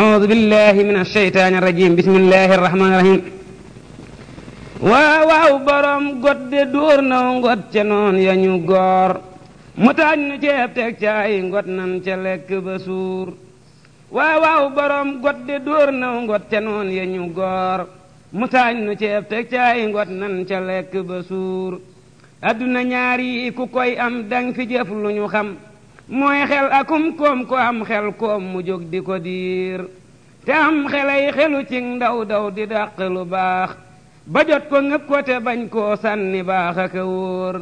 أعوذ بالله من الشيطان الرجيم بسم الله الرحمن الرحيم waaw waaw borom got de dóor naw ngot ca ñu goor mu taaj nu ceeb teg ca ay nan ca lekk ba waaw borom got de dóor naw ngot ca noon ya ñu goor mu taaj nu ceeb teg ca ay nan ca lekk ba suur ñaar yi ku koy am dang fi jëf lu ñu xam mooy xel akum koom ko am xel koom mu jóg di ko diir te am xelay xelu ci ndaw daw di dàq lu baax ba jot ko ngëb ko te bañ koo sànni baax ak wóor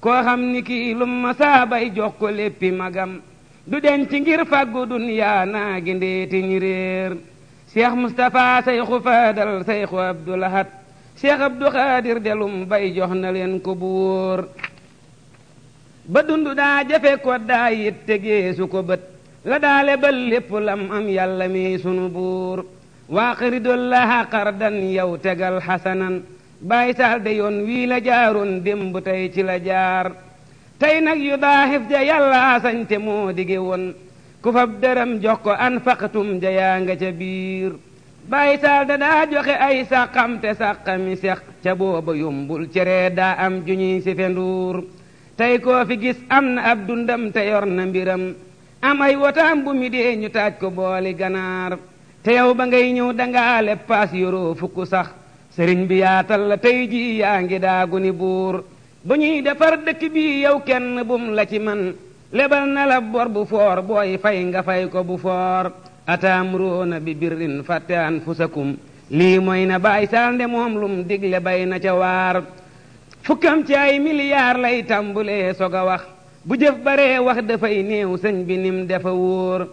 koo xam ni kii lum ma saabay jox ko léppi magam du denc ngir fàggu dunyaa naa gi ndeeti réer cheikh moustapha seyxu faadal seyxu abdulahat cheikh abdou xaadir delum bay jox na leen ko bu wóor ba dund daa jafe ko daa yit ko bët la daale ba lépp lam am yàlla mi sunu buur waa xiridol laha xardan yow tegal xasanan bàyyi saal de yoon wii la jaaroon démb tey ci la jaar tey nag yu daa xif ja yàlla sañte moo dige woon ku fab jox ko an faqtum ja nga ca biir bàyyi saal da daa joxe ay sàqam te sàqami sex ca booba yombul cere daa am juñuy si fenduur tey koo fi gis am na ab dundam te yor na mbiram am ay wotaam bu mi dee ñu taaj ko booli ganaar te yow ba ngay ñëw dangaa leb paas yoroo fukk sax sëriñ bi yaatal la tey jii yaa ngi daagu ni buur bu ñuy defar dëkk bii yow kenn bum la ci man lebal na la bor bu foor booy fay nga fay ko bu foor ataam roona bi birrin fàtte an fusakum lii mooy na baay saal nde moom lum digle bay na ca waar fukkam ci ay miliyaar lay tàmbulee soog a wax bu jëf baree wax dafay neewu sëñ bi nim dafa wóor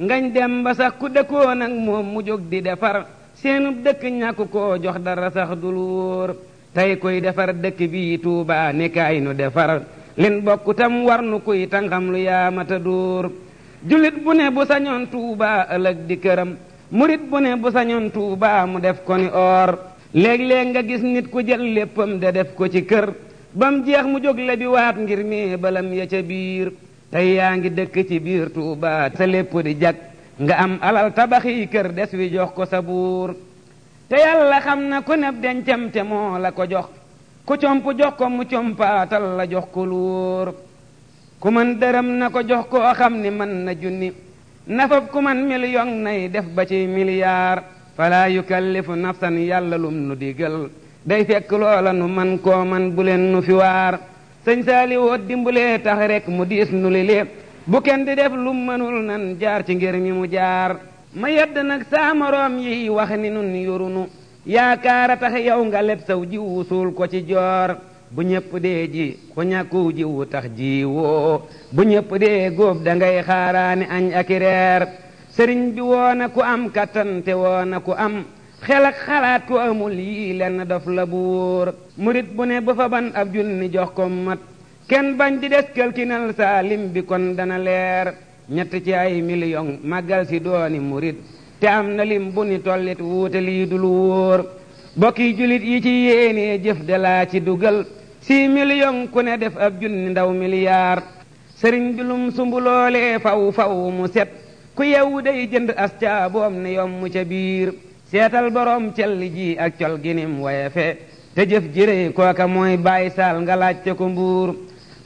ngañ dem ba sax ku dëkkoon ak moom mu jóg di defar seenub dëkk ñàkku ko jox dara sax dul wóor tey koy defar dëkk bii Tuubaa nekkaay nu defar len bokk tam war nu kuy tàngam lu yaamata dóor jullit bu bu sañoon Tuubaa ëllëg di këram murit bu ne bu sañoon Tuubaa mu def ko ni léeg-léeg nga gis nit ku jël léppam da def ko ci kër bam jeex mu jóg la bi waat ngir mi balam ya ca biir tey yaa ngi dëkk ci biir Tuuba sa lépp di jag nga am alal tabaxi kër des wi jox ko sa buur te yàlla xam na ku neb dencam te moo la ko jox ku comp jox ko mu compaatal la jox ko luur ku man dërëm na ko jox koo xam ni mën na junni nafab ku man miliyon nay def ba ci miliyaar fala yukallifu nafsan yàlla lum nu digal day fekk loola nu man koo man bu leen nu fi waar sëñ saali woo dimbulee tax rek mu diis nu li bu kenn di def lum mënul nan jaar ci ngir ñi mu jaar ma yedd nag saa moroom yi wax ni nun yorunu yaakaara tax yow nga leb saw jiwu suul ko ci joor bu ñëpp dee ji ku ñàkku jiwu tax jiwoo bu ñëpp dee góob da xaaraani añ aki sëriñ bi woona ku am kattan te woona ku am xel ak xalaat ku amul yii lenn dof la bu wóor murit bu ne ba fa ban ab junni jox ko mat kenn bañ di des këlkinal saalim bi kon dana leer ñett ci ay million màggal si dooni murit te am na lim bu ni tollit wuute lii dul wóor bokki julit yi ci yéenee jëf de laa ci dugal si million ku ne def ab junni ndaw miliyaar sëriñ bi lum sumb loolee mu set ku yewu day jënd as caaboom ne mu ca biir seetal borom celli ji ak col ginim wayefe te jëf jëree kooka mooy bàyyi saal nga laajte ko mbuur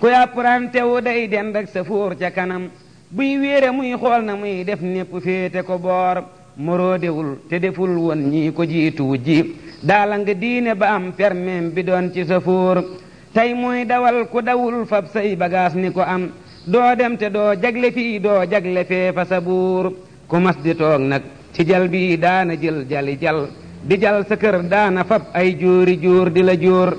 ku yàppurante wu day dend ak sa fóor ca kanam buy wéere muy xool na muy def népp féete ko boor moroodewul te deful woon ñii ko jiitu ji daala nga diine ba am permeem bi doon ci sa fóor mooy dawal ku dawul fab say bagaas ni ko am doo dem te doo jagle fii doo jagle fee fa sa buur ku mas di toog nag ci jal bii daana jël jali jal di jal sa kër daana fab ay jóori jóor di la jóor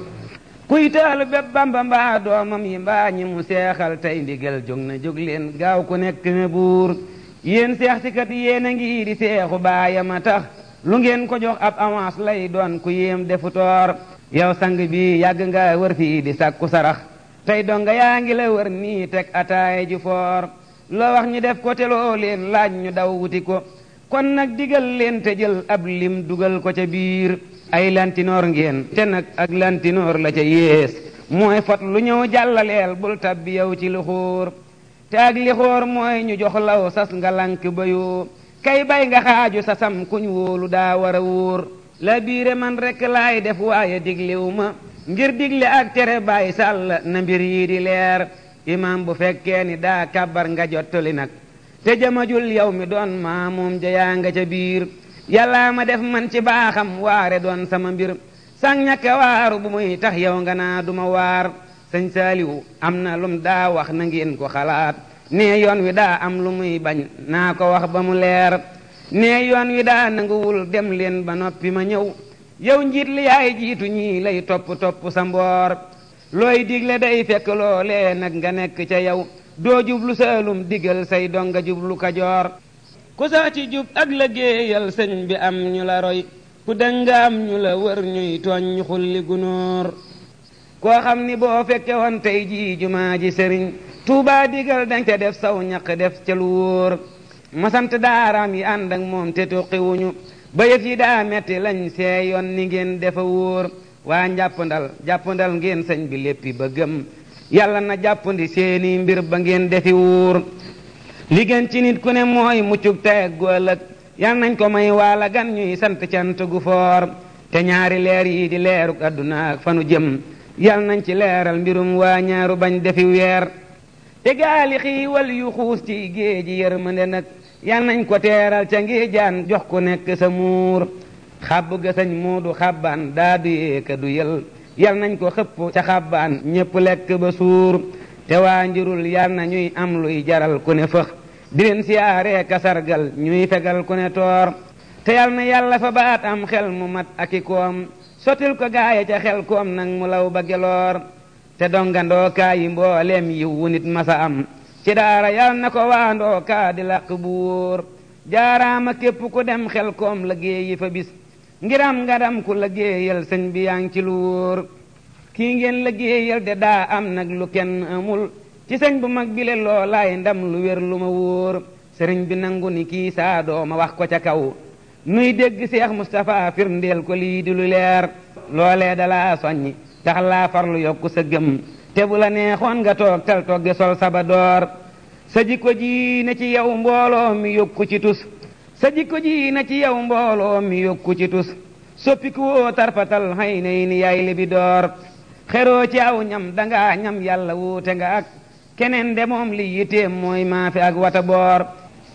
kuy taalu bépp bamba mbaa doomam yi mbaa ñi mu seexal tey ndigal jóg na jóg leen gaaw ku nekk ne buur yéen seex si kat yéen a ngi di seexu baayam a tax lu ngeen ko jox ab avance lay doon ku yéem defu toor yow sang bi yàgg nga wër fii di sàkku sarax tey donga yaa ngi la wër nii teg ataaya ju foor loo wax ñu def ko te loo leen laaj ñu daw wuti ko kon nag digal leen te jël ab lim dugal ko ca biir ay lantinoor ngeen te nag ak lantinoor la ca yées mooy fot lu ñëw jàllaleel bul tabbi yow ci lixóor te ak lixóor mooy ñu jox law sas nga lank bayoo kay bay nga xaaju sasam kuñ wóolu daa war a wóor la biire man rekk laay def waaye diglewuma ngir digle ak tere bàyyi sàll na mbir yii di leer imam bu fekkee ni daa kabar nga jottali nag te jëmajul yow mi doon maamuum jayaa nga ca biir yàllaa ma def man ci baaxam waare doon sama mbir sang ñàkk waaru bu muy tax yow nga naa du ma waar sëñ am na lum daa wax na ngeen ko xalaat nee yoon wi daa am lu muy bañ naa ko wax ba mu leer nee yoon wi daa nanguwul dem leen ba noppi ma ñëw yow njiit li yaay jiitu ñii lay topp topp sa mboor looy digle day fekk loolee nag nga nekk ca yow doo jublu saalum digal say donga jublu kajoor ku ci jub ak liggéeyal sëñ bi am ñu la roy ku dëng ñu la wër ñuy tooñ ñu xulli gunóor koo xam ni boo fekke woon tey jii jumaa ji sëriñ tuubaa digal danga ca def saw ñakk def ca lu wóor ma sant yi ànd ak moom te toqiwuñu ba yëf yi daa metti lañ see yoon ni ngeen defa wóor waa njàppandal jàppandal ngeen sëñ bi léppi ba gëm yàlla na jàppandi seeni mbir ba ngeen defi wóor li gën ci nit ku ne mooy muccug tey ak gu ëllëg yal nañ ko may waala gan ñuy sant cant gu foor te ñaari leer yi di leeruk àdduna ak fanu jëm yal nañ ci leeral mbirum waa ñaaru bañ defi weer te gaali xiiwal yu xuus ci géej ji yërmande yal nañ ko teeral ca ngi jaan jox ku nekk sa muur xabbu gësañ muudu xabbaan daa du yéeka du yël yal nañ ko xëpp ca xabbaan ñépp lekk ba suur te waa njurul yal na ñuy am luy jaral ku ne fëx di leen siyaaree ka sargal ñuy fegal ku ne toor te yal na yàlla fa baat am xel mu mat ak i koom sotil ko gaaya ca xel koom nag mu law ba geloor te dongandoo kaa yi mbooleem yiw wu nit masa am ci daara yal na ko waandoo kaa di làq bu wóor jaaraama képp ku dem xel koom liggéeyi fa bis ngiram nga dam ku liggéeyal sëñ bi yaa ngi ci lu wóor kii ngeen liggéeyal de daa am nag lu kenn amul ci sëñ bu mag bile loolaay ndam lu wér lu ma wóor sëriñ bi nangu ni kii saa dooma wax ko ca kaw nuy dégg seex Mustapha firndeel ko lii di lu leer loole dalaa soññi tax laa farlu yokku sa gëm te la neexoon nga toog tal toggi sol saba door sa jikko ji ne ci yow mbooloo mi yokku ci tus ci yow mbooloo mi yokku ci tus soppikuwoo tarfatal xay yaay li door xeroo ci aw ñam dangaa ñam yàlla woote nga ak keneen de moom li yiteem mooy maafe ak wata boor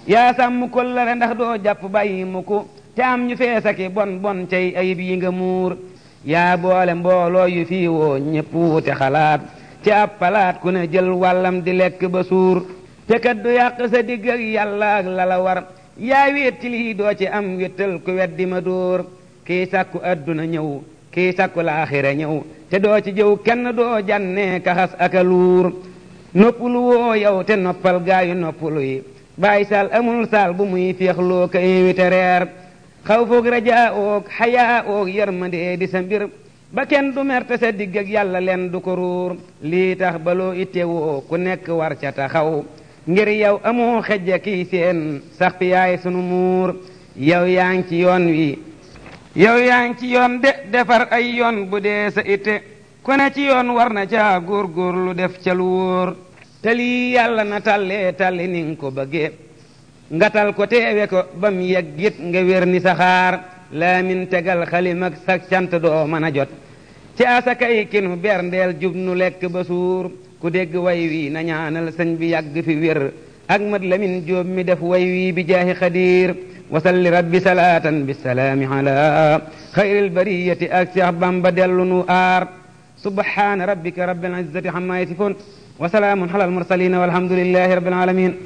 yaa sàmm kóllëre ndax doo jàpp bàyyi mukk te am ñu feesaki bon bon cay ayib yi nga muur yaa boole mbooloo yu fii woo ñépp wuute xalaat ci ab palaat ku ne jël wàllam di lekk ba suur te kat du yàq sa digg ak yàlla ak lala war yaa wéet ci lii doo ci am wéttal ku weddi ma dóor kii sàkku àdduna ñëw kii sàkku laaxira ñëw te doo ci jëw kenn doo jànnee kaxas ak a luur noppalu woo yow te noppal gaayu noppalu yi bàyyi saal amul saal bu muy féexloo ka invité reer rajaa oog xayaa oog yërmandee di sa mbir ba kenn du merte sa digg yàlla leen du ko ruur lii tax baloo ittewoo ku nekk war ca taxaw ngir yow amoo xejja kii seen sax yaay sunu muur yow yaa ngi ci yoon wi yow yaa ngi ci yoon de defar ay yoon bu dee sa itte ku ne ci yoon war na caa góorgóorlu def ca lu wóor te lii yàlla na tallee talli ni ko bëggee nga tal ko teewe ko ba mu yegg it nga wér ni saxaar laamin tegal xalim ak sa cant doo mën a jot ci asaka yi kinu berndeel jub nu lekk ba suur ku dégg way wi na ñaanal sëñ bi yàgg fi wér ak mat lamin jóob mi def way wi bi jaahi xadiir wasalli rabbi salaatan bisalaami ala xayril bariyati ak Seex Bamba dellu nu aar subhaana rabbika rabbil izzati amma yasifoon wa salaamun ala al mursalin walhamdulillahi rabbil alamin